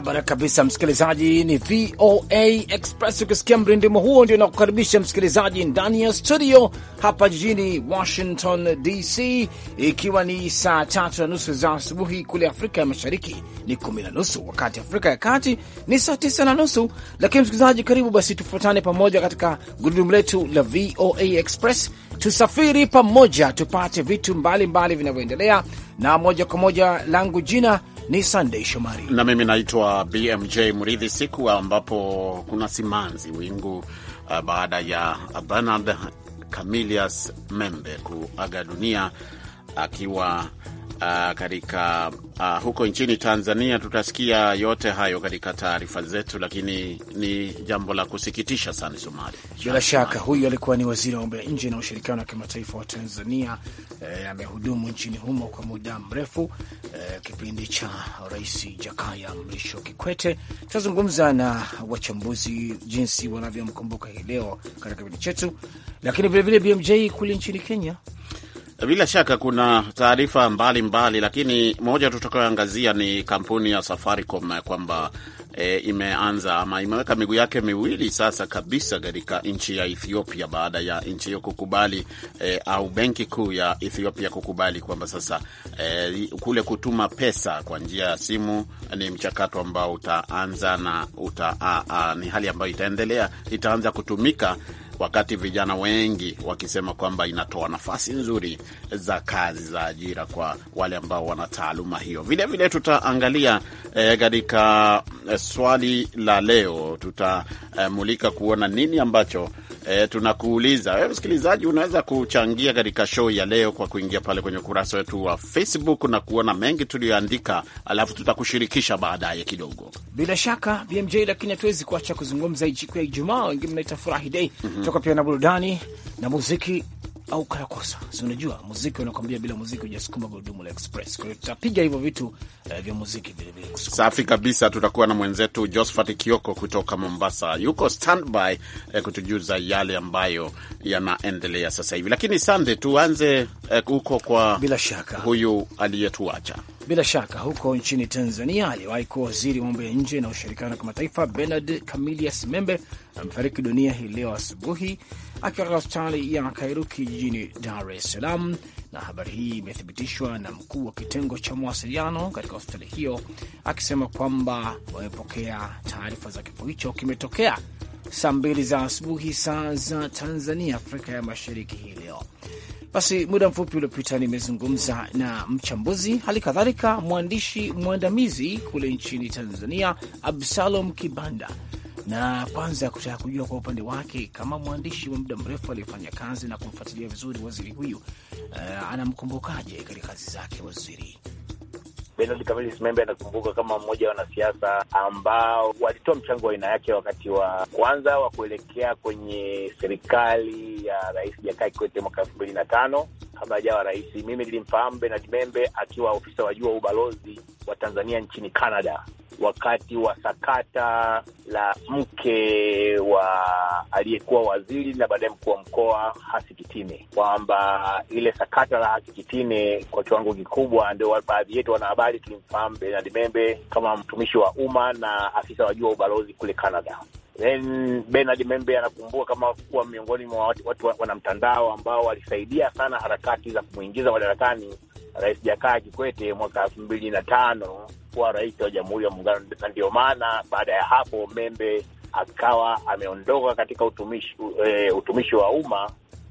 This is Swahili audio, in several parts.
barabara kabisa, msikilizaji. Ni VOA Express. Ukisikia mrindimo huo, ndio nakukaribisha msikilizaji ndani ya studio hapa jijini Washington DC, ikiwa ni saa tatu na nusu za asubuhi. Kule Afrika ya Mashariki ni kumi na nusu, wakati Afrika ya Kati ni saa tisa na nusu. Lakini msikilizaji, karibu basi tufuatane pamoja katika gurudumu letu la VOA Express, tusafiri pamoja, tupate vitu mbalimbali vinavyoendelea, na moja kwa moja langu jina ni Sunday Shomari na mimi naitwa BMJ Mridhi, siku ambapo kuna simanzi wingu uh, baada ya Bernard Camilius Membe kuaga dunia akiwa uh, katika uh, huko nchini Tanzania. Tutasikia yote hayo katika taarifa zetu, lakini ni jambo la kusikitisha sana, Somali. Bila shaka huyu alikuwa ni waziri wa mambo ya nje na ushirikiano wa kimataifa wa Tanzania. Eh, amehudumu nchini humo kwa muda mrefu eh, kipindi cha Rais Jakaya Mrisho Kikwete. Tutazungumza na wachambuzi jinsi wanavyomkumbuka hii leo katika kipindi chetu, lakini vilevile BMJ kule nchini Kenya bila shaka kuna taarifa mbalimbali, lakini moja tutakayoangazia ni kampuni ya Safaricom kwamba e, imeanza ama imeweka miguu yake miwili sasa kabisa katika nchi ya Ethiopia baada ya nchi hiyo kukubali e, au benki kuu ya Ethiopia kukubali kwamba sasa e, kule kutuma pesa kwa njia ya simu ni mchakato ambao utaanza na uta, a, a, ni hali ambayo itaendelea itaanza kutumika wakati vijana wengi wakisema kwamba inatoa nafasi nzuri za kazi za ajira kwa wale ambao wana taaluma hiyo. Vilevile tutaangalia eh, katika e, swali la leo tutamulika e, kuona nini ambacho e, tunakuuliza wewe msikilizaji, unaweza kuchangia katika show ya leo kwa kuingia pale kwenye ukurasa wetu wa Facebook na kuona mengi tuliyoandika, alafu tutakushirikisha baadaye kidogo, bila shaka BMJ. Lakini hatuwezi kuacha kuzungumza siku ya Ijumaa, wengine mnaita furahi mhm. dei, toka pia na burudani na muziki au kayakosa. Si unajua muziki unakwambia, bila muziki hujasukuma gurudumu la express. Kwa hiyo tutapiga hivyo vitu uh, vya muziki vilevile. Safi kabisa, tutakuwa na mwenzetu Josphat Kioko kutoka Mombasa, yuko standby eh, kutujuza yale ambayo yanaendelea sasa hivi. Lakini sande, tuanze eh, huko eh, kwa bila shaka huyu aliyetuacha bila shaka huko nchini Tanzania aliwahi kuwa waziri wa mambo ya nje na ushirikiano kwa mataifa Bernard Camilius Membe amefariki dunia hii leo asubuhi akiwa katika hospitali ya Kairuki jijini Dar es Salaam, na habari hii imethibitishwa na mkuu wa kitengo cha mawasiliano katika hospitali hiyo akisema kwamba wamepokea taarifa za kifo hicho. Kimetokea saa mbili za asubuhi saa za Tanzania, Afrika ya Mashariki hii leo. Basi muda mfupi uliopita nimezungumza na mchambuzi, hali kadhalika mwandishi mwandamizi kule nchini Tanzania, Absalom Kibanda na kwanza kutaka kujua kwa upande wake kama mwandishi wa muda mrefu aliyefanya kazi na kumfuatilia vizuri waziri huyu, uh, anamkumbukaje katika kazi zake waziri? benard Kamillis Membe anakumbuka kama mmoja wa wanasiasa ambao walitoa mchango wa aina yake wakati wa kwanza wa kuelekea kwenye serikali ya Rais Jakaya Kikwete mwaka elfu mbili na tano kabla hajawa rais. Mimi nilimfahamu Bernard Membe akiwa ofisa wa juu wa ubalozi wa Tanzania nchini Canada wakati wa sakata la mke wa aliyekuwa waziri na baadaye mkuu wa mkoa Hasi Kitine, kwamba ile sakata la Hasi Kitine kwa kiwango kikubwa, ndio baadhi yetu wanahabari tulimfahamu Bernard Membe kama mtumishi wa umma na afisa wa juu wa ubalozi kule Canada. Then Bernard Membe anakumbuka kama kuwa miongoni mwa watu, watu wanamtandao ambao walisaidia sana harakati za kumwingiza madarakani Rais Jakaya Kikwete mwaka elfu mbili na tano kuwa rais wa Jamhuri ya Muungano, na ndio maana baada ya hapo Membe akawa ameondoka katika utumishi, uh, utumishi wa umma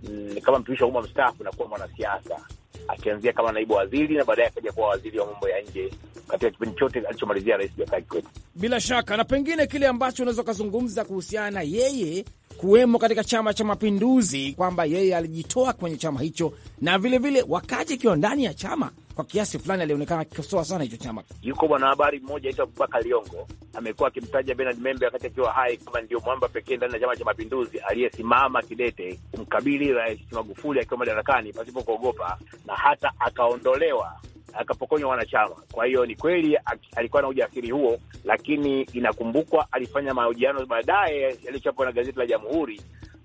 mm, kama mtumishi wa umma mstaafu na kuwa mwanasiasa akianzia kama naibu waziri na baadaye akaja kuwa waziri wa mambo ya nje katika kipindi chote alichomalizia Rais Jakaya Kikwete. Bila shaka, na pengine kile ambacho unaweza ukazungumza kuhusiana na yeye kuwemo katika Chama cha Mapinduzi, kwamba yeye alijitoa kwenye chama hicho na vilevile, wakati akiwa ndani ya chama kwa kiasi fulani alionekana akikosoa sana hicho chama. Yuko mwanahabari mmoja aitwa Abubakar Liongo amekuwa akimtaja Bernard Membe wakati akiwa hai kama ndio mwamba pekee ndani ya Chama cha Mapinduzi aliyesimama kidete kumkabili Rais Magufuli akiwa madarakani pasipo kuogopa, na hata akaondolewa akapokonywa wanachama. Kwa hiyo ni kweli alikuwa na ujasiri huo, lakini inakumbukwa alifanya mahojiano baadaye yaliyochapwa na gazeti la Jamhuri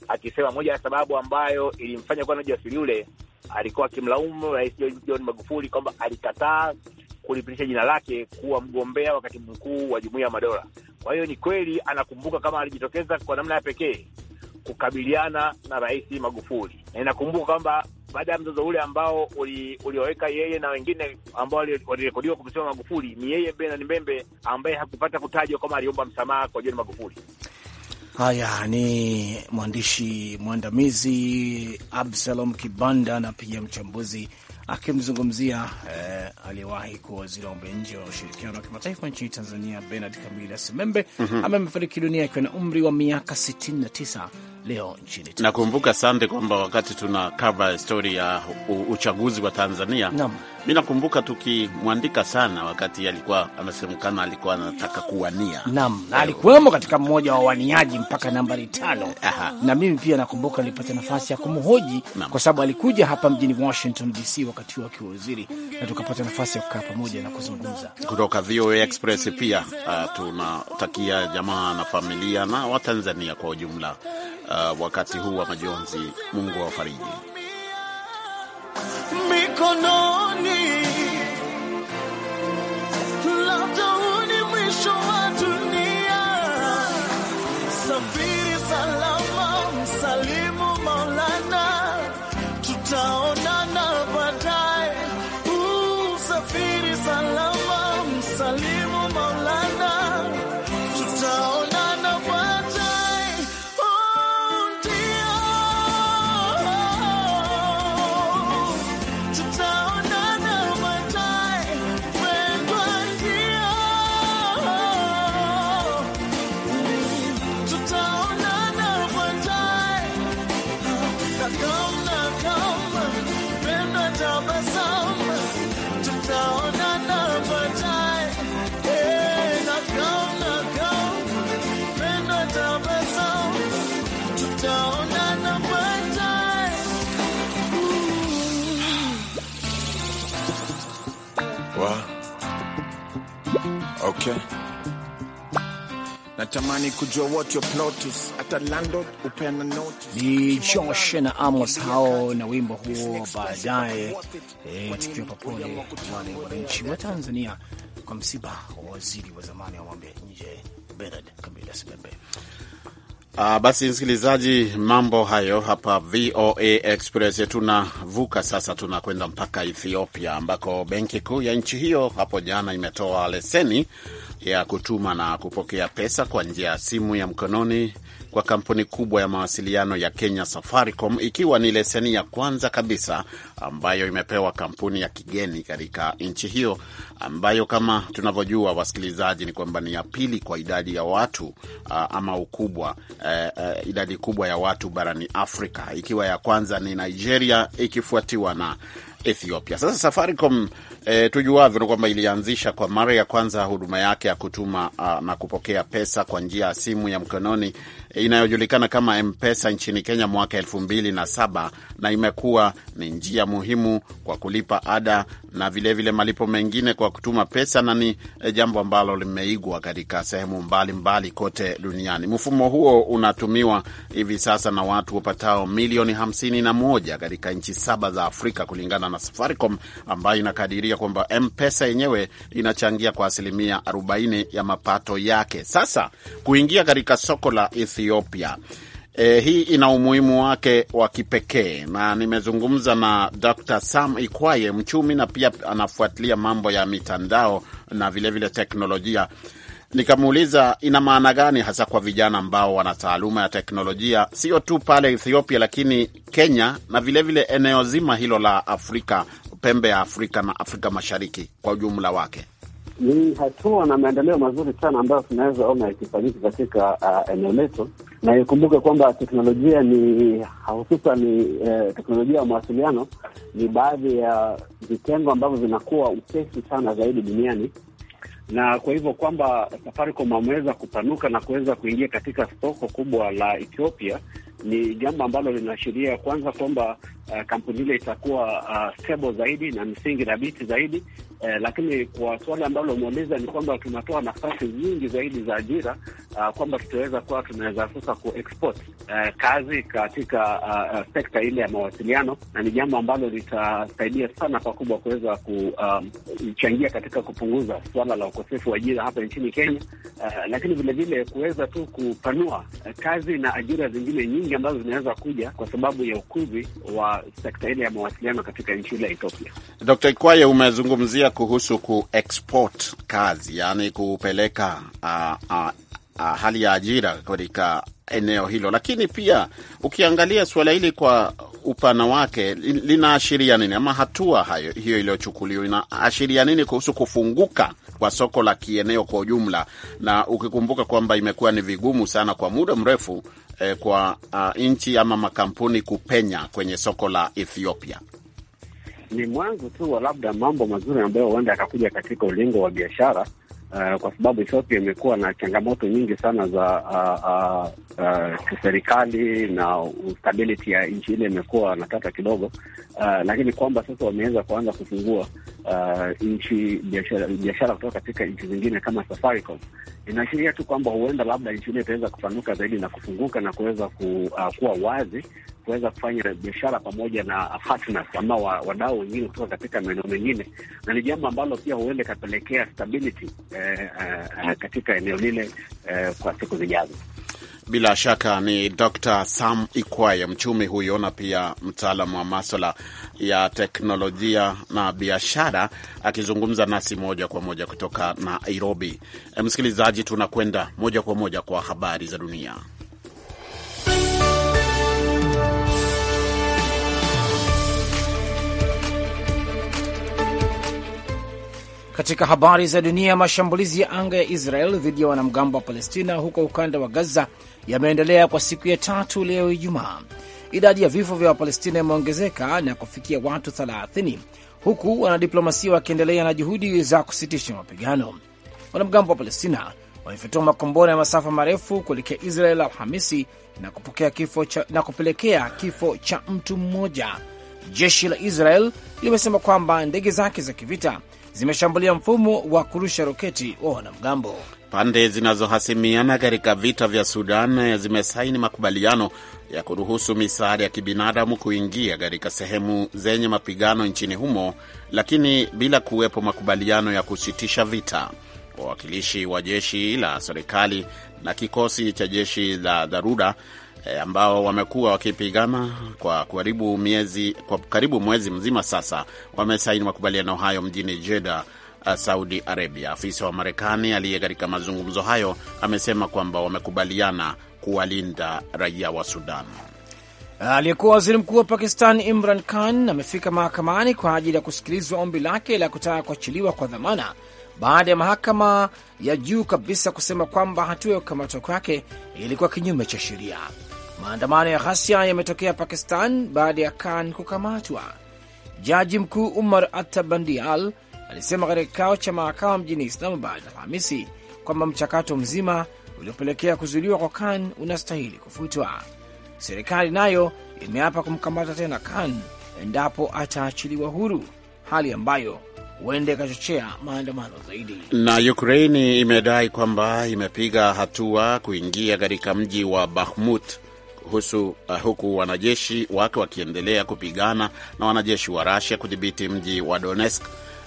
akisema moja ya sababu ambayo ilimfanya kuwa na ujasiri ule, alikuwa akimlaumu Rais John Magufuli kwamba alikataa kulipitisha jina lake kuwa mgombea wa katibu mkuu wa Jumuiya ya Madola. Kwa hiyo ni kweli anakumbuka kama alijitokeza kwa namna ya pekee kukabiliana na Rais Magufuli, na inakumbuka kwamba baada ya mzozo ule ambao ulioweka yeye na wengine ambao walirekodiwa kumsema Magufuli, ni yeye Benard Mbembe ambaye hakupata kutajwa kama aliomba msamaha kwa John Magufuli. Haya ni mwandishi mwandamizi Absalom Kibanda na pia mchambuzi akimzungumzia eh, aliyewahi kuwa waziri wa mambo ya nje wa ushirikiano wa kimataifa nchini Tanzania, Bernard Kamila Semembe mm -hmm. ambaye amefariki dunia akiwa na umri wa miaka 69 leo nchini Tanzania. Nakumbuka sande kwamba wakati tuna cover story ya uchaguzi wa Tanzania, mi nakumbuka tukimwandika sana wakati alikuwa anasemekana alikuwa anataka kuwania. nam, na alikuwemo katika mmoja wa waniaji mpaka nambari tano. Aha. Na mimi pia nakumbuka nilipata nafasi ya kumhoji kwa sababu alikuja hapa mjini Washington DC wakati huo akiwa waziri, na tukapata nafasi ya kukaa pamoja na kuzungumza. Kutoka VOA Express pia uh, tunatakia jamaa na familia na Watanzania kwa ujumla uh, uh, wakati huu wa majonzi. Mungu awafariji mikononi, labda ni mwisho wa dunia. Safiri salama, msalimu Maulana, tutaona Okay. Natamani kujua what your plot is. at Landlord, notice. Ni Josh na Amos hao na wimbo huo baadaye, eh, tukiwa papole wale wananchi wa Tanzania kwa msiba wa waziri wa zamani wa mambo ya nje Bernard Kabila Sibembe. Uh, basi msikilizaji, mambo hayo hapa VOA Express. Tunavuka sasa, tunakwenda mpaka Ethiopia ambako benki kuu ya nchi hiyo hapo jana imetoa leseni ya kutuma na kupokea pesa kwa njia ya simu ya mkononi kwa kampuni kubwa ya mawasiliano ya Kenya Safaricom, ikiwa ni leseni ya kwanza kabisa ambayo imepewa kampuni ya kigeni katika nchi hiyo, ambayo kama tunavyojua wasikilizaji, ni kwamba ni ya pili kwa idadi ya watu uh, ama ukubwa, eh, eh, idadi kubwa ya watu barani Afrika, ikiwa ya kwanza ni Nigeria ikifuatiwa na Ethiopia. Sasa Safaricom E, tujuavyo ni kwamba ilianzisha kwa mara ya kwanza huduma yake ya kutuma a, na kupokea pesa kwa njia ya simu ya mkononi e, inayojulikana kama M-Pesa nchini Kenya mwaka elfu mbili na saba na imekuwa ni njia muhimu kwa kulipa ada na vilevile vile malipo mengine kwa kutuma pesa, na ni e, jambo ambalo limeigwa katika sehemu mbalimbali mbali kote duniani. Mfumo huo unatumiwa hivi sasa na watu wapatao milioni hamsini na moja katika nchi saba za Afrika kulingana na Safaricom ambayo inakadiria pia kwamba mpesa yenyewe inachangia kwa asilimia 40 ya mapato yake. Sasa kuingia katika soko la Ethiopia, e, hii ina umuhimu wake wa kipekee, na nimezungumza na Dr. Sam Ikwaye, mchumi na pia anafuatilia mambo ya mitandao na vilevile vile teknolojia nikamuuliza ina maana gani hasa kwa vijana ambao wana taaluma ya teknolojia, sio tu pale Ethiopia, lakini Kenya na vilevile vile eneo zima hilo la Afrika pembe ya Afrika na Afrika Mashariki kwa ujumla wake? Ni hatua na maendeleo mazuri sana ambayo tunaweza ona ikifanyika katika uh, eneo letu, na ikumbuke kwamba teknolojia ni hususan ni eh, teknolojia ya mawasiliano ni baadhi ya vitengo ambavyo vinakuwa upesi sana zaidi duniani, na kwa hivyo kwamba Safaricom ameweza kupanuka na kuweza kuingia katika soko kubwa la Ethiopia ni jambo ambalo linaashiria kwanza kwamba uh, kampuni ile itakuwa uh, stable zaidi na msingi dhabiti zaidi. Uh, lakini kwa suali ambalo umeuliza ni kwamba tunatoa nafasi nyingi zaidi za ajira uh, kwamba tutaweza kuwa tunaweza sasa ku export uh, kazi katika uh, sekta ile ya mawasiliano, na ni jambo ambalo litasaidia sana pakubwa kuweza kuchangia um, katika kupunguza suala la ukosefu wa ajira hapa nchini Kenya, uh, lakini vilevile kuweza tu kupanua uh, kazi na ajira zingine nyingi nyingi ambazo zinaweza kuja kwa sababu ya ukuzi wa sekta ile ya mawasiliano katika nchi ile ya Ethiopia. Dr. Ikwaye, umezungumzia kuhusu kuexport kazi, yaani kupeleka a, a, a, hali ya ajira katika eneo hilo, lakini pia ukiangalia suala hili kwa upana wake linaashiria nini, ama hatua hayo hiyo iliyochukuliwa inaashiria nini kuhusu kufunguka kwa soko la kieneo kwa ujumla, na ukikumbuka kwamba imekuwa ni vigumu sana kwa muda mrefu eh, kwa uh, nchi ama makampuni kupenya kwenye soko la Ethiopia? Ni mwanzo tu wa labda mambo mazuri ambayo huenda yakakuja katika ulingo wa biashara uh, kwa sababu Ethiopia imekuwa na changamoto nyingi sana za uh, uh, uh, kiserikali na ustability ya nchi ile imekuwa na tata kidogo uh, lakini kwamba sasa wameweza kuanza kufungua uh, nchi biashara, biashara kutoka katika nchi zingine kama Safaricom inaashiria tu kwamba huenda labda nchi ile itaweza kupanuka zaidi na kufunguka na kuweza ku, uh, kuwa wazi kuweza kufanya biashara pamoja na partners ama wadau wengine kutoka katika maeneo mengine, na ni jambo ambalo pia huenda ikapelekea stability eh, eh, katika eneo lile eh, kwa siku zijazo. Bila shaka ni Dr Sam Ikwaye, mchumi huyo na pia mtaalamu wa maswala ya teknolojia na biashara, akizungumza nasi moja kwa moja kutoka Nairobi. Eh, msikilizaji, tunakwenda moja kwa moja kwa habari za dunia. Katika habari za dunia, mashambulizi ya anga ya Israel dhidi ya wanamgambo wa Palestina huko ukanda wa Gaza yameendelea kwa siku ya tatu leo Ijumaa. Idadi ya vifo vya Wapalestina imeongezeka na kufikia watu 30 huku wanadiplomasia wakiendelea na juhudi za kusitisha mapigano. Wanamgambo wa Palestina walifyatua makombora ya masafa marefu kuelekea Israel Alhamisi na, na kupelekea kifo cha mtu mmoja. Jeshi la Israel limesema kwamba ndege zake za kivita zimeshambulia mfumo wa kurusha roketi wa wanamgambo. Pande zinazohasimiana katika vita vya Sudan zimesaini makubaliano ya kuruhusu misaada ya kibinadamu kuingia katika sehemu zenye mapigano nchini humo, lakini bila kuwepo makubaliano ya kusitisha vita. Wawakilishi wa jeshi la serikali na kikosi cha jeshi la dharura e, ambao wamekuwa wakipigana kwa karibu miezi, kwa karibu mwezi mzima sasa, wamesaini makubaliano hayo mjini Jeddah e, Saudi Arabia. Afisa wa Marekani aliye katika mazungumzo hayo amesema kwamba wamekubaliana kuwalinda raia wa Sudan. Aliyekuwa waziri mkuu wa Pakistan Imran Khan amefika mahakamani kwa ajili ya kusikilizwa ombi lake la kutaka kuachiliwa kwa dhamana baada ya mahakama ya juu kabisa kusema kwamba hatua ya kukamatwa kwake ilikuwa kinyume cha sheria. Maandamano ya ghasia yametokea Pakistan baada ya Khan kukamatwa. Jaji mkuu Umar Atabandial alisema katika kikao cha mahakama mjini Islamabad Alhamisi kwamba mchakato mzima uliopelekea kuzuiliwa kwa Khan unastahili kufutwa. Serikali nayo imeapa kumkamata tena Khan endapo ataachiliwa huru, hali ambayo huenda ikachochea maandamano zaidi. Na Ukraini imedai kwamba imepiga hatua kuingia katika mji wa Bahmut husu, uh, eh, huku wanajeshi wake wakiendelea kupigana na wanajeshi wa rasia kudhibiti mji wa Donetsk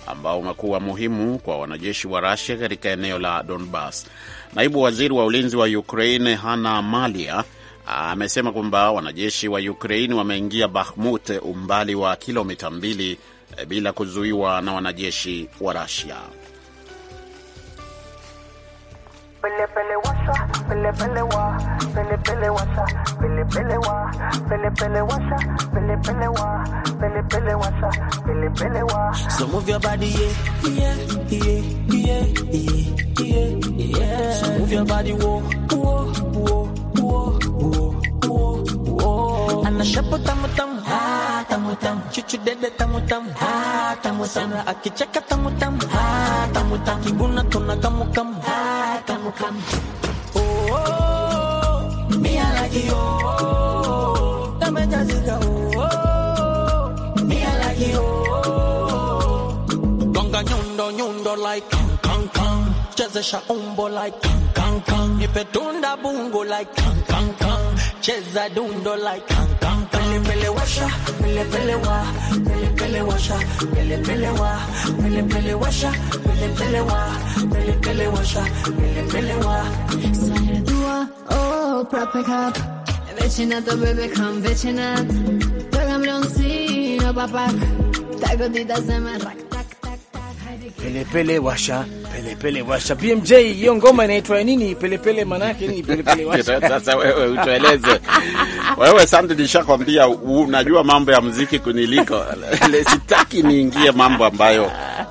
ambao umekuwa muhimu kwa wanajeshi wa rasia katika eneo la Donbas. Naibu waziri wa ulinzi wa Ukraine hana Malia amesema kwamba wanajeshi wa Ukraine wameingia bahmut umbali wa kilomita mbili eh, bila kuzuiwa na wanajeshi wa rasia Pele pele your body, yeah, yeah, yeah, yeah, yeah, yeah. yeah. So your body, whoa, whoa, whoa, whoa, whoa, whoa. Anashapa tamu tamu ah, tamu tamu, chuchu dede tamu tamu, ah, tamu tamu, akicheka tamu tamu, ah, tamu tamu, kibuna tuna kamu kamu, ah, tamu kamu. Oh, me I like you. Oh, me I like you. Gonga nyundo nyundo like kang kang kang, chezesha umbo like kang kang kang, nipe tunda bungo like kang kang kang, cheza dundo like kang pele pele washa, pele pele wa, pele pele washa, pele pele wa, pele pele washa, pele pele wa, pele pele washa, pele pele wa. Sen oh, prop back baby, come vecinat. Dogam lonsi, papak. Tako ti da Pelepele washa, pelepele washa. BMJ, hiyo ngoma inaitwa nini? Pelepele manake nini? Pelepele washa. Sasa wewe utueleze wewe. Sandi, nishakwambia unajua mambo ya muziki kuniliko. Sitaki niingie mambo ambayo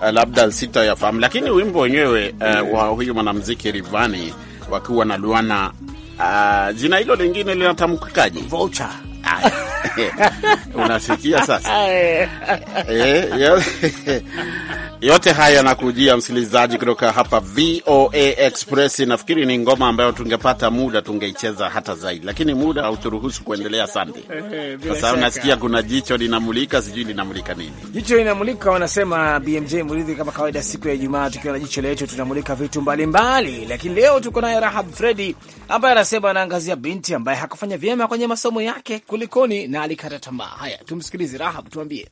eh, labda sitayafahamu, lakini wimbo wenyewe uh, wa huyu mwanamuziki Rivani wakiwa na Luana, uh, jina hilo lingine linatamkikaje? Vulture unasikia sasa e, yote haya yanakujia msikilizaji, kutoka hapa VOA Express. Nafikiri ni ngoma ambayo tungepata muda tungeicheza hata zaidi, lakini muda hauturuhusu kuendelea. Sande, kwa sababu nasikia kuna jicho linamulika, sijui linamulika nini. Jicho linamulika, wanasema BMJ Muridhi. Kama kawaida, siku ya Ijumaa tukiwa na jicho letu tunamulika vitu mbalimbali mbali. Lakini leo tuko naye Rahab Fredi ambaye anasema anaangazia binti ambaye hakufanya vyema kwenye masomo yake, kulikoni na alikata tamaa. Haya, tumsikilize Rahab, tuambie.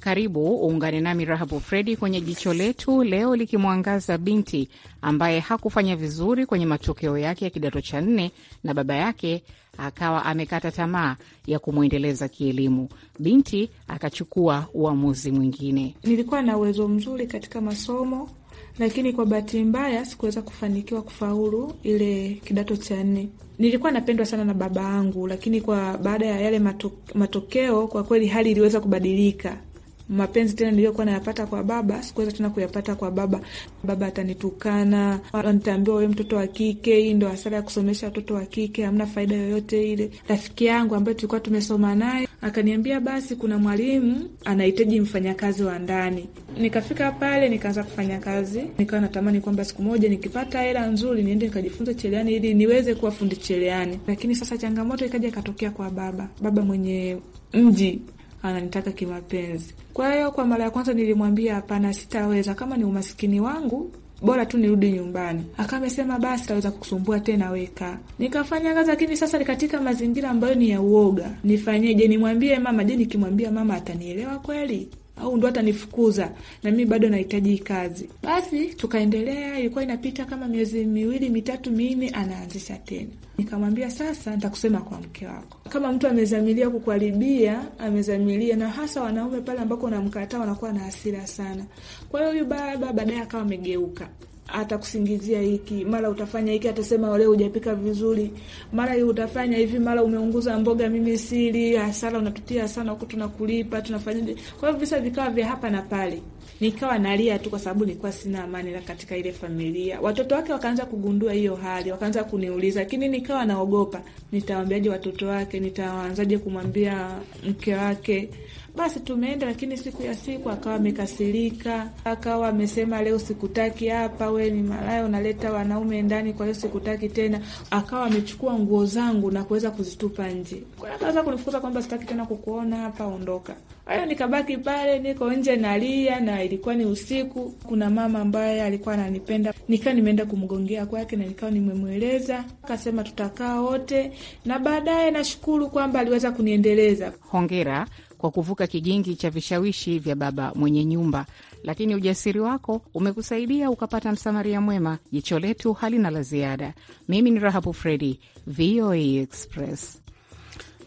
Karibu uungane nami Rahabu Fredi kwenye jicho letu leo, likimwangaza binti ambaye hakufanya vizuri kwenye matokeo yake ya kidato cha nne na baba yake akawa amekata tamaa ya kumwendeleza kielimu. Binti akachukua uamuzi mwingine. Nilikuwa na uwezo mzuri katika masomo lakini kwa bahati mbaya sikuweza kufanikiwa kufaulu ile kidato cha nne. Nilikuwa napendwa sana na baba yangu, lakini kwa baada ya yale matokeo kwa kweli hali iliweza kubadilika. Mapenzi tena niliyokuwa nayapata kwa baba sikuweza tena kuyapata kwa baba. Baba atanitukana, nitaambiwa wewe mtoto wa kike, hii ndo hasara ya kusomesha watoto wa kike, hamna faida yoyote ile. Rafiki yangu ambaye tulikuwa tumesoma naye akaniambia basi kuna mwalimu anahitaji mfanyakazi wa ndani. Nikafika pale nikaanza kufanya kazi, nikawa natamani kwamba siku moja nikipata hela nzuri niende nikajifunza cheleani ili niweze kuwa fundi cheleani. Lakini sasa changamoto ikaja ikatokea kwa baba, baba mwenye mji ananitaka kimapenzi. Kwa hiyo kwa mara ya kwanza nilimwambia hapana, sitaweza. Kama ni umasikini wangu bora tu nirudi nyumbani. akamesema basi taweza kukusumbua tena, weka. Nikafanya kazi, lakini sasa ni katika mazingira ambayo ni ya uoga. Nifanyeje? Nimwambie mama? Je, nikimwambia mama atanielewa kweli? au ndo atanifukuza na mimi bado nahitaji kazi. Basi tukaendelea, ilikuwa inapita kama miezi miwili mitatu minne, anaanzisha tena. Nikamwambia sasa, ntakusema kwa mke wako, kama mtu amezamilia kukuharibia, amezamilia. Na hasa wanaume pale ambako unamkataa wanakuwa na hasira sana. Kwa hiyo huyu baba baadaye akawa amegeuka, atakusingizia hiki, mara utafanya hiki, atasema leo hujapika vizuri, mara hii utafanya hivi, mara umeunguza mboga, mimi sili hasara, unatutia sana huku, tunakulipa tunafanyaje? Kwa hiyo visa vikawa vya hapa na pale, nikawa nalia tu, kwa sababu nilikuwa sina amani katika ile familia. Watoto wake wakaanza kugundua hiyo hali, wakaanza kuniuliza, lakini nikawa naogopa, nitawambiaje watoto wake? Nitaanzaje kumwambia mke wake? Basi tumeenda, lakini siku ya siku akawa amekasirika, akawa amesema leo sikutaki hapa, we ni malaya, unaleta wanaume ndani, kwa hiyo sikutaki tena. Akawa amechukua nguo zangu na kuweza kuzitupa nje, akaanza kunifukuza kwamba sitaki tena kukuona hapa, ondoka. Hayo nikabaki pale, niko nje nalia, na ilikuwa ni usiku. Kuna mama ambaye alikuwa ananipenda, nikawa nimeenda kumgongea kwake na nikawa nimemweleza, akasema tutakaa wote, na baadaye nashukuru kwamba aliweza kuniendeleza. Hongera kwa kuvuka kijingi cha vishawishi vya baba mwenye nyumba, lakini ujasiri wako umekusaidia ukapata msamaria mwema. Jicho letu halina la ziada. Mimi ni Rahabu Fredi, VOA Express.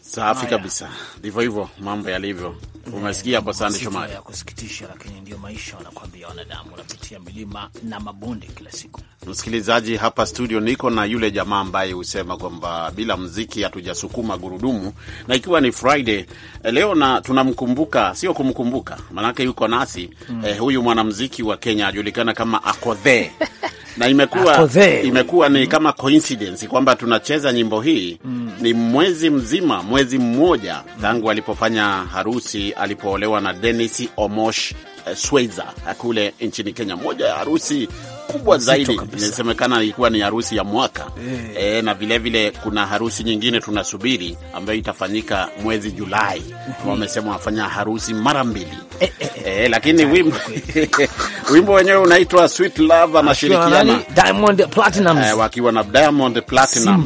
Safi kabisa, ndivyo hivyo mambo yalivyo. Umesikia hapo, Sande Shomari, ya kusikitisha, lakini ndio maisha wanakwambia wanadamu, wanapitia milima na mabonde kila siku. Msikilizaji, hapa studio niko na yule jamaa ambaye husema kwamba bila mziki hatujasukuma gurudumu, na ikiwa ni Friday eh, leo na tunamkumbuka, sio kumkumbuka, maanake yuko nasi mm. Eh, huyu mwanamziki wa Kenya ajulikana kama Akothe na imekuwa imekuwa ni kama coincidence kwamba tunacheza nyimbo hii mm. ni mwezi mzima mwezi mwezi mmoja tangu alipofanya harusi alipoolewa na Denis Omosh Eh, Sweza eh, kule nchini Kenya, moja ya harusi kubwa zaidi inasemekana ilikuwa ni harusi ya mwaka hey. Eh. E, na vilevile vile kuna harusi nyingine tunasubiri ambayo itafanyika mwezi Julai hmm Wamesema wanafanya harusi mara mbili e, e, E, lakini wimbo wimbo wenyewe unaitwa Sweet Love, anashirikiana Diamond Platinum e, wakiwa na Diamond Platinum.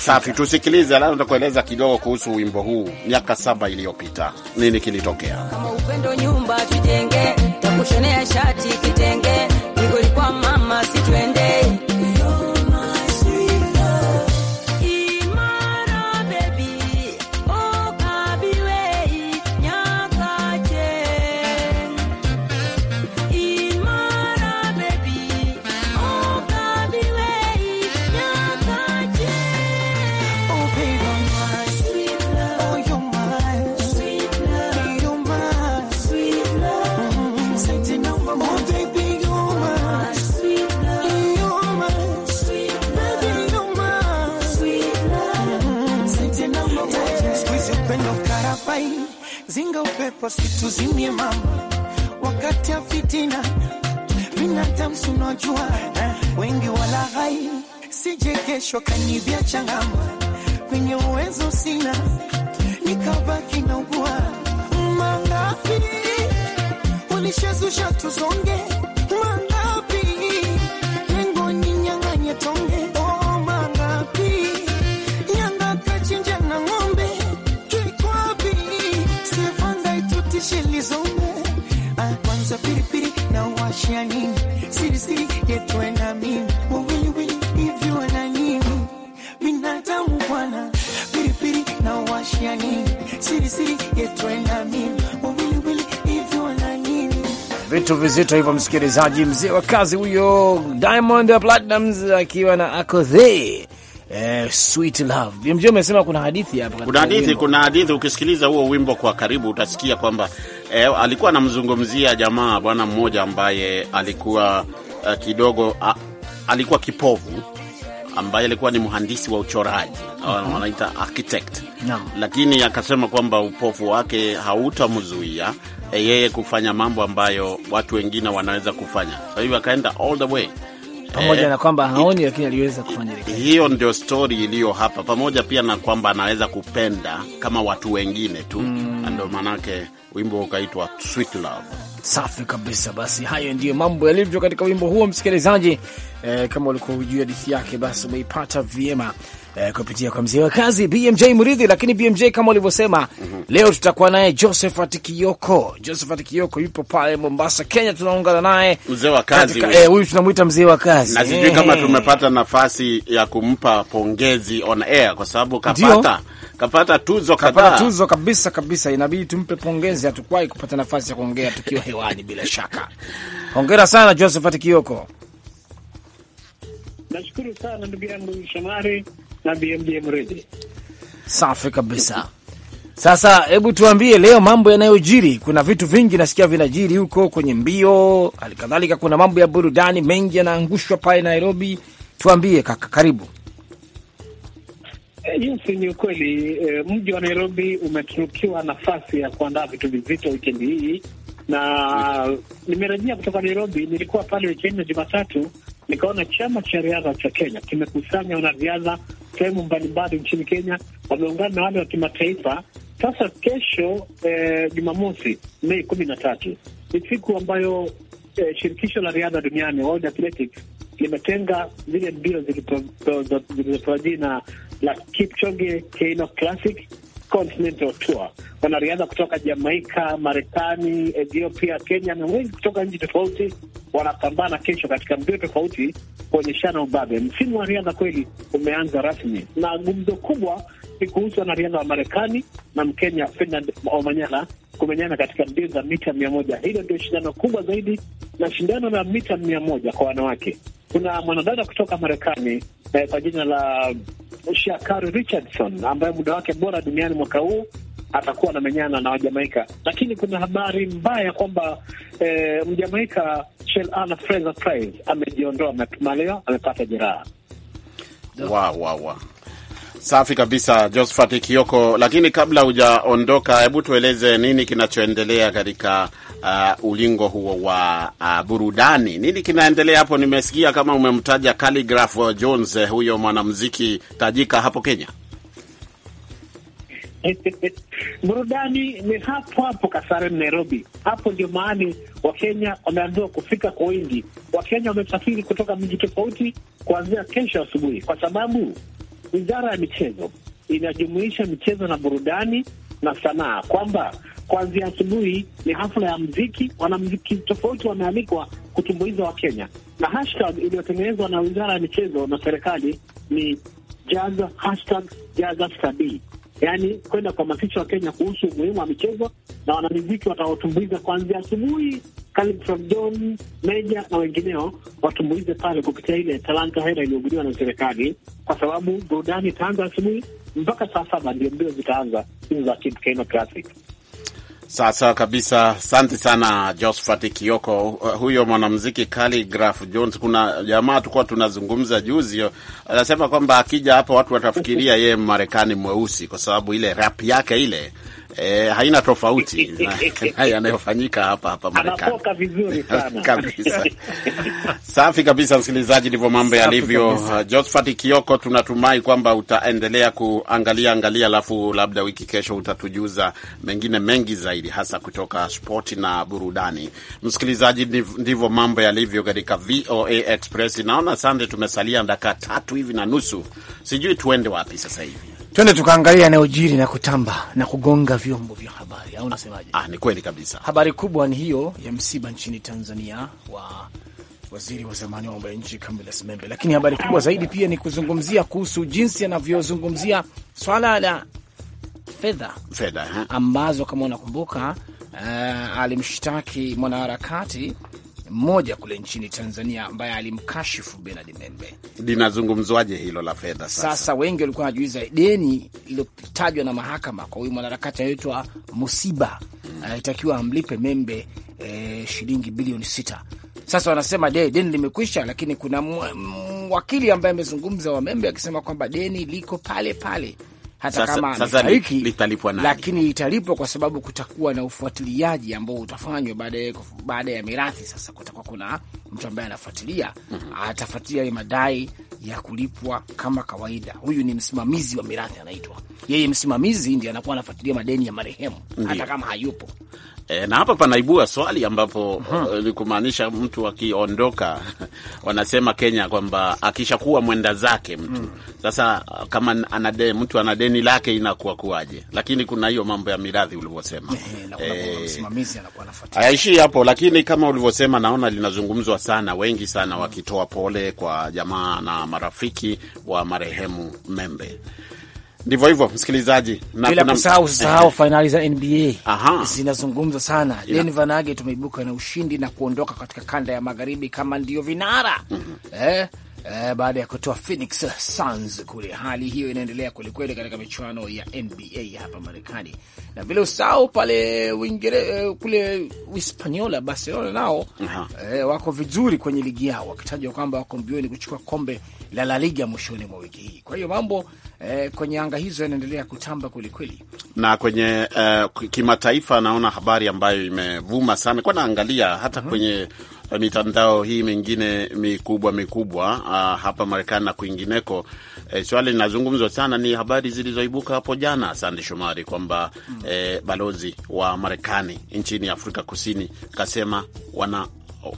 Safi, tusikilize, alafu nitakueleza kidogo kuhusu wimbo huu. Miaka saba iliyopita nini kilitokea? Kama upendo nyumba nijenge, takushonea shati kitenge basi zimie mama, wakati ya fitina binadamu, sunajua eh. wengi wala hai sije kesho kanibia changama kwenye uwezo sina nikabaki na ugua mangapi ulishezusha tuzonge kwenda mimi muwiliwili hivyo na nini binadamu bwana pilipili na washia nini sirisiri yetwenda mimi muwiliwili hivyo na nini vitu vizito hivyo, msikilizaji. Mzee wa kazi huyo Diamond Platnumz akiwa na Akothee. Eh, sweet love. BMJ amesema kuna hadithi hapa. Kuna hadithi, kuna hadithi ukisikiliza huo wimbo kwa karibu utasikia kwamba eh, alikuwa anamzungumzia jamaa bwana mmoja ambaye alikuwa uh, kidogo uh, alikuwa kipovu ambaye alikuwa ni mhandisi wa uchoraji mhm. wanaita mm -hmm. architect no. Lakini akasema kwamba upofu wake hautamzuia eh, yeye kufanya mambo ambayo watu wengine wanaweza kufanya. Kwa hivyo akaenda all the way pamoja eh, na kwamba haoni it, lakini aliweza kufanya hiyo. Ndio stori iliyo hapa, pamoja pia na kwamba anaweza kupenda kama watu wengine tu mm. Ndio maanake wimbo ukaitwa Sweet Love. Safi kabisa. Basi hayo ndiyo mambo yalivyo katika wimbo huo, msikilizaji. E, kama ulikuwa hujui hadithi yake, basi umeipata vyema eh, kupitia kwa mzee wa kazi BMJ Muridhi. Lakini BMJ kama ulivyosema, mm -hmm. leo tutakuwa naye Josephat Kioko. Josephat Kioko yupo pale Mombasa, Kenya. Tunaungana naye mzee wa kazi huyu, eh, tunamwita mzee wa kazi na sijui kama eh. tumepata nafasi ya kumpa pongezi on air kwa sababu kapata Dio? kapata tuzo kadhaa, kapata tuzo kabisa kabisa, inabidi tumpe pongezi. Hatukuwahi kupata nafasi ya kuongea tukiwa hewani bila shaka. Hongera sana Josephat Kioko. Nashukuru sana ndugu yangu Shamari, na BMJ Mridhi. Safi kabisa. Sasa hebu tuambie leo mambo yanayojiri. Kuna vitu vingi nasikia vinajiri huko kwenye mbio, halikadhalika kuna mambo ya burudani mengi yanaangushwa pale Nairobi. Tuambie kaka, karibu. Eh, yes, ni ukweli. E, mji wa Nairobi umetunukiwa nafasi ya kuandaa vitu vizito wikendi hii, na nimerejea kutoka Nairobi. Nilikuwa pale wikendi Jumatatu, nikaona chama cha riadha cha Kenya kimekusanya wanariadha sehemu mbalimbali nchini Kenya, wameungana na wale wa kimataifa. Sasa kesho eh, Jumamosi eh, Mei kumi na tatu ni siku ambayo eh, shirikisho la riadha duniani World Athletics limetenga zile mbio zilizotoa jina la Kipchoge Keino Classic Continental Tour. Wanariadha kutoka Jamaika, Marekani, Ethiopia, Kenya na wengi kutoka nchi tofauti wanapambana kesho katika mbio tofauti kuonyeshana ubabe. Msimu wa riadha kweli umeanza rasmi, na gumzo kubwa ni kuhusu wanariadha wa Marekani na Mkenya Ferdinand Omanyala kumenyana katika mbio za mita mia moja. Hilo ndio shindano kubwa zaidi na shindano la mita mia moja kwa wanawake. Kuna mwanadada kutoka Marekani eh, kwa jina la Shakari Richardson ambaye muda wake bora duniani mwaka huu atakuwa anamenyana na Wajamaika, lakini kuna habari mbaya kwamba eh, Mjamaika Shelana Fraser Price amejiondoa mapema leo, amepata jeraha. Wow, wow, wow. Safi kabisa, Josephat Kioko. Lakini kabla hujaondoka, hebu tueleze nini kinachoendelea katika uh, ulingo huo wa uh, burudani. Nini kinaendelea hapo? Nimesikia kama umemtaja Calligraph Jones, eh, huyo mwanamuziki tajika hapo Kenya. burudani ni hapo hapo Kasarani, Nairobi. Hapo ndio mahali Wakenya wameambiwa kufika kwa wingi. Wakenya wamesafiri kutoka miji tofauti kuanzia kesho asubuhi, kwa sababu wizara ya michezo inajumuisha michezo na burudani na sanaa, kwamba kuanzia asubuhi ni hafla ya mziki, wanamziki tofauti wamealikwa kutumbuiza Wakenya, na hashtag iliyotengenezwa na wizara ya michezo na serikali ni jaza hashtag jaza stabii, yaani kwenda kuhamasisha Wakenya kuhusu umuhimu wa michezo na wanamiziki wataotumbuiza kuanzia asubuhi Calvin Meja na wengineo watumbulize pale kupitia ile talanta hela iliyoguniwa na serikali, kwa sababu burudani itaanza asubuhi mpaka saa saba ndio mbio zitaanza hizo za Kid Keno Classic. sawa kabisa, asante sana Josphat Kioko, uh, huyo mwanamuziki Khaligraph Jones. Kuna jamaa tulikuwa tunazungumza juzi, uh, anasema kwamba akija hapa watu watafikiria yeye marekani mweusi, kwa sababu ile rap yake ile eh, haina tofauti na yanayofanyika hapa hapa Marekani kabisa. Safi kabisa, msikilizaji, ndivyo mambo yalivyo. Uh, Josephat Kioko, tunatumai kwamba utaendelea kuangalia angalia, alafu labda wiki kesho utatujuza mengine mengi zaidi, hasa kutoka spoti na burudani. Msikilizaji, ndivyo mambo yalivyo katika VOA Express. Naona Sande, tumesalia dakika tatu hivi na nusu, sijui tuende wapi sasa hivi. Twende tukaangalia yanayojiri na kutamba na kugonga vyombo vya habari, au unasemaje? Ah, ni kweli kabisa. Habari kubwa ni hiyo ya msiba nchini Tanzania wa waziri wa zamani wa mambo ya nchi Camillus Membe, lakini habari kubwa zaidi pia ni kuzungumzia kuhusu jinsi anavyozungumzia swala la fedha fedha eh? ambazo kama unakumbuka, uh, alimshtaki mwanaharakati mmoja kule nchini Tanzania ambaye alimkashifu Bernard Membe. Linazungumzwaje hilo la fedha sasa? Sasa wengi walikuwa wanajiuliza deni lilotajwa na mahakama kwa huyu mwanaharakati anaitwa Musiba hmm. anatakiwa amlipe Membe e, shilingi bilioni sita. Sasa wanasema de, deni limekwisha, lakini kuna mwakili ambaye amezungumza wa Membe akisema kwamba deni liko pale pale hata sasa, kama amefariki litalipwa nani, lakini italipwa kwa sababu kutakuwa na ufuatiliaji ambao utafanywa baada ya mirathi. Sasa kutakuwa kuna mtu ambaye anafuatilia mm -hmm. atafuatilia madai ya kulipwa kama kawaida. Huyu ni msimamizi wa mirathi anaitwa yeye, msimamizi ndiye anakuwa anafuatilia madeni ya marehemu hata kama hayupo. E, na hapa panaibua swali ambapo eh, ni uh -huh. Mtu akiondoka wanasema Kenya kwamba akishakuwa mwenda zake mtu mm. Sasa eh, kama anade, mtu ana deni lake inakuwa kuwaje? Lakini kuna hiyo mambo ya miradhi ulivyosema, hayaishii e, hapo. Lakini kama ulivyosema, naona linazungumzwa sana, wengi sana wakitoa pole kwa jamaa na marafiki wa marehemu Membe. Ndivyo hivyo msikilizaji, na bila kusahau usisahau fainali za NBA zinazungumza sana yeah. Denver Nuggets tumeibuka na ushindi na kuondoka katika kanda ya magharibi kama ndio vinara mm -hmm. eh? eh, baada ya kutoa Phoenix Suns kule. Hali hiyo inaendelea kwelikweli katika michuano ya NBA hapa Marekani na vile usao pale Uingere, eh, kule Hispaniola, Barcelona nao eh, wako vizuri kwenye ligi yao, wakitajwa kwamba wako mbioni kuchukua kombe la La Liga mwishoni mwa wiki hii. Kwa hiyo mambo eh, kwenye anga hizo yanaendelea kutamba kwelikweli, na kwenye eh, kimataifa, naona habari ambayo imevuma sana, kwa naangalia hata -hmm. kwenye Eh, mitandao hii mingine mikubwa mikubwa uh, hapa Marekani na kwingineko. E, swali linazungumzwa sana ni habari zilizoibuka hapo jana, Sande Shomari, kwamba mm, e, balozi wa Marekani nchini Afrika Kusini kasema wana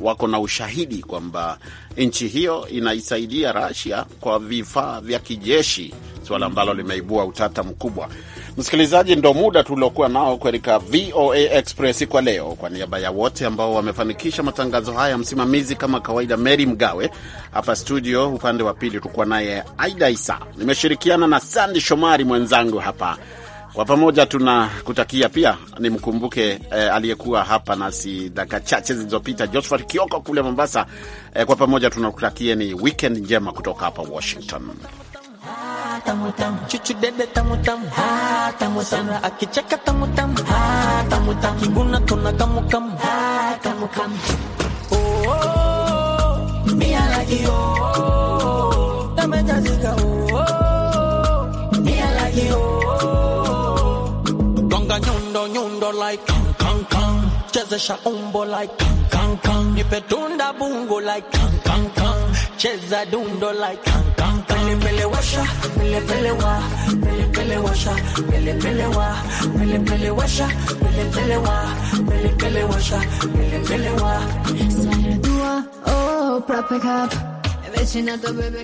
wako na ushahidi kwamba nchi hiyo inaisaidia Rasia kwa vifaa vya kijeshi, suala ambalo limeibua utata mkubwa. Msikilizaji, ndo muda tuliokuwa nao katika VOA Express kwa leo. Kwa niaba ya wote ambao wamefanikisha matangazo haya, msimamizi kama kawaida Mary Mgawe, hapa studio upande wa pili tulikuwa naye Aida Isa, nimeshirikiana na Sandi Shomari mwenzangu hapa kwa pamoja tunakutakia pia nimkumbuke eh, aliyekuwa hapa nasi dakika chache zilizopita Josphat Kioko kule Mombasa. Eh, kwa pamoja tunakutakia ni weekend njema kutoka hapa Washington. Chezesha umbo like kang. kan kan, nipe tunda bungo like kang kang. kan, cheza dundo like kang kang kang. Pele pele washa, pele pele wa, pele pele washa, pele pele wa, pele pele washa, pele pele wa, pele pele washa, pele pele wa. Sare dua, oh, prop it up, vecina to bebe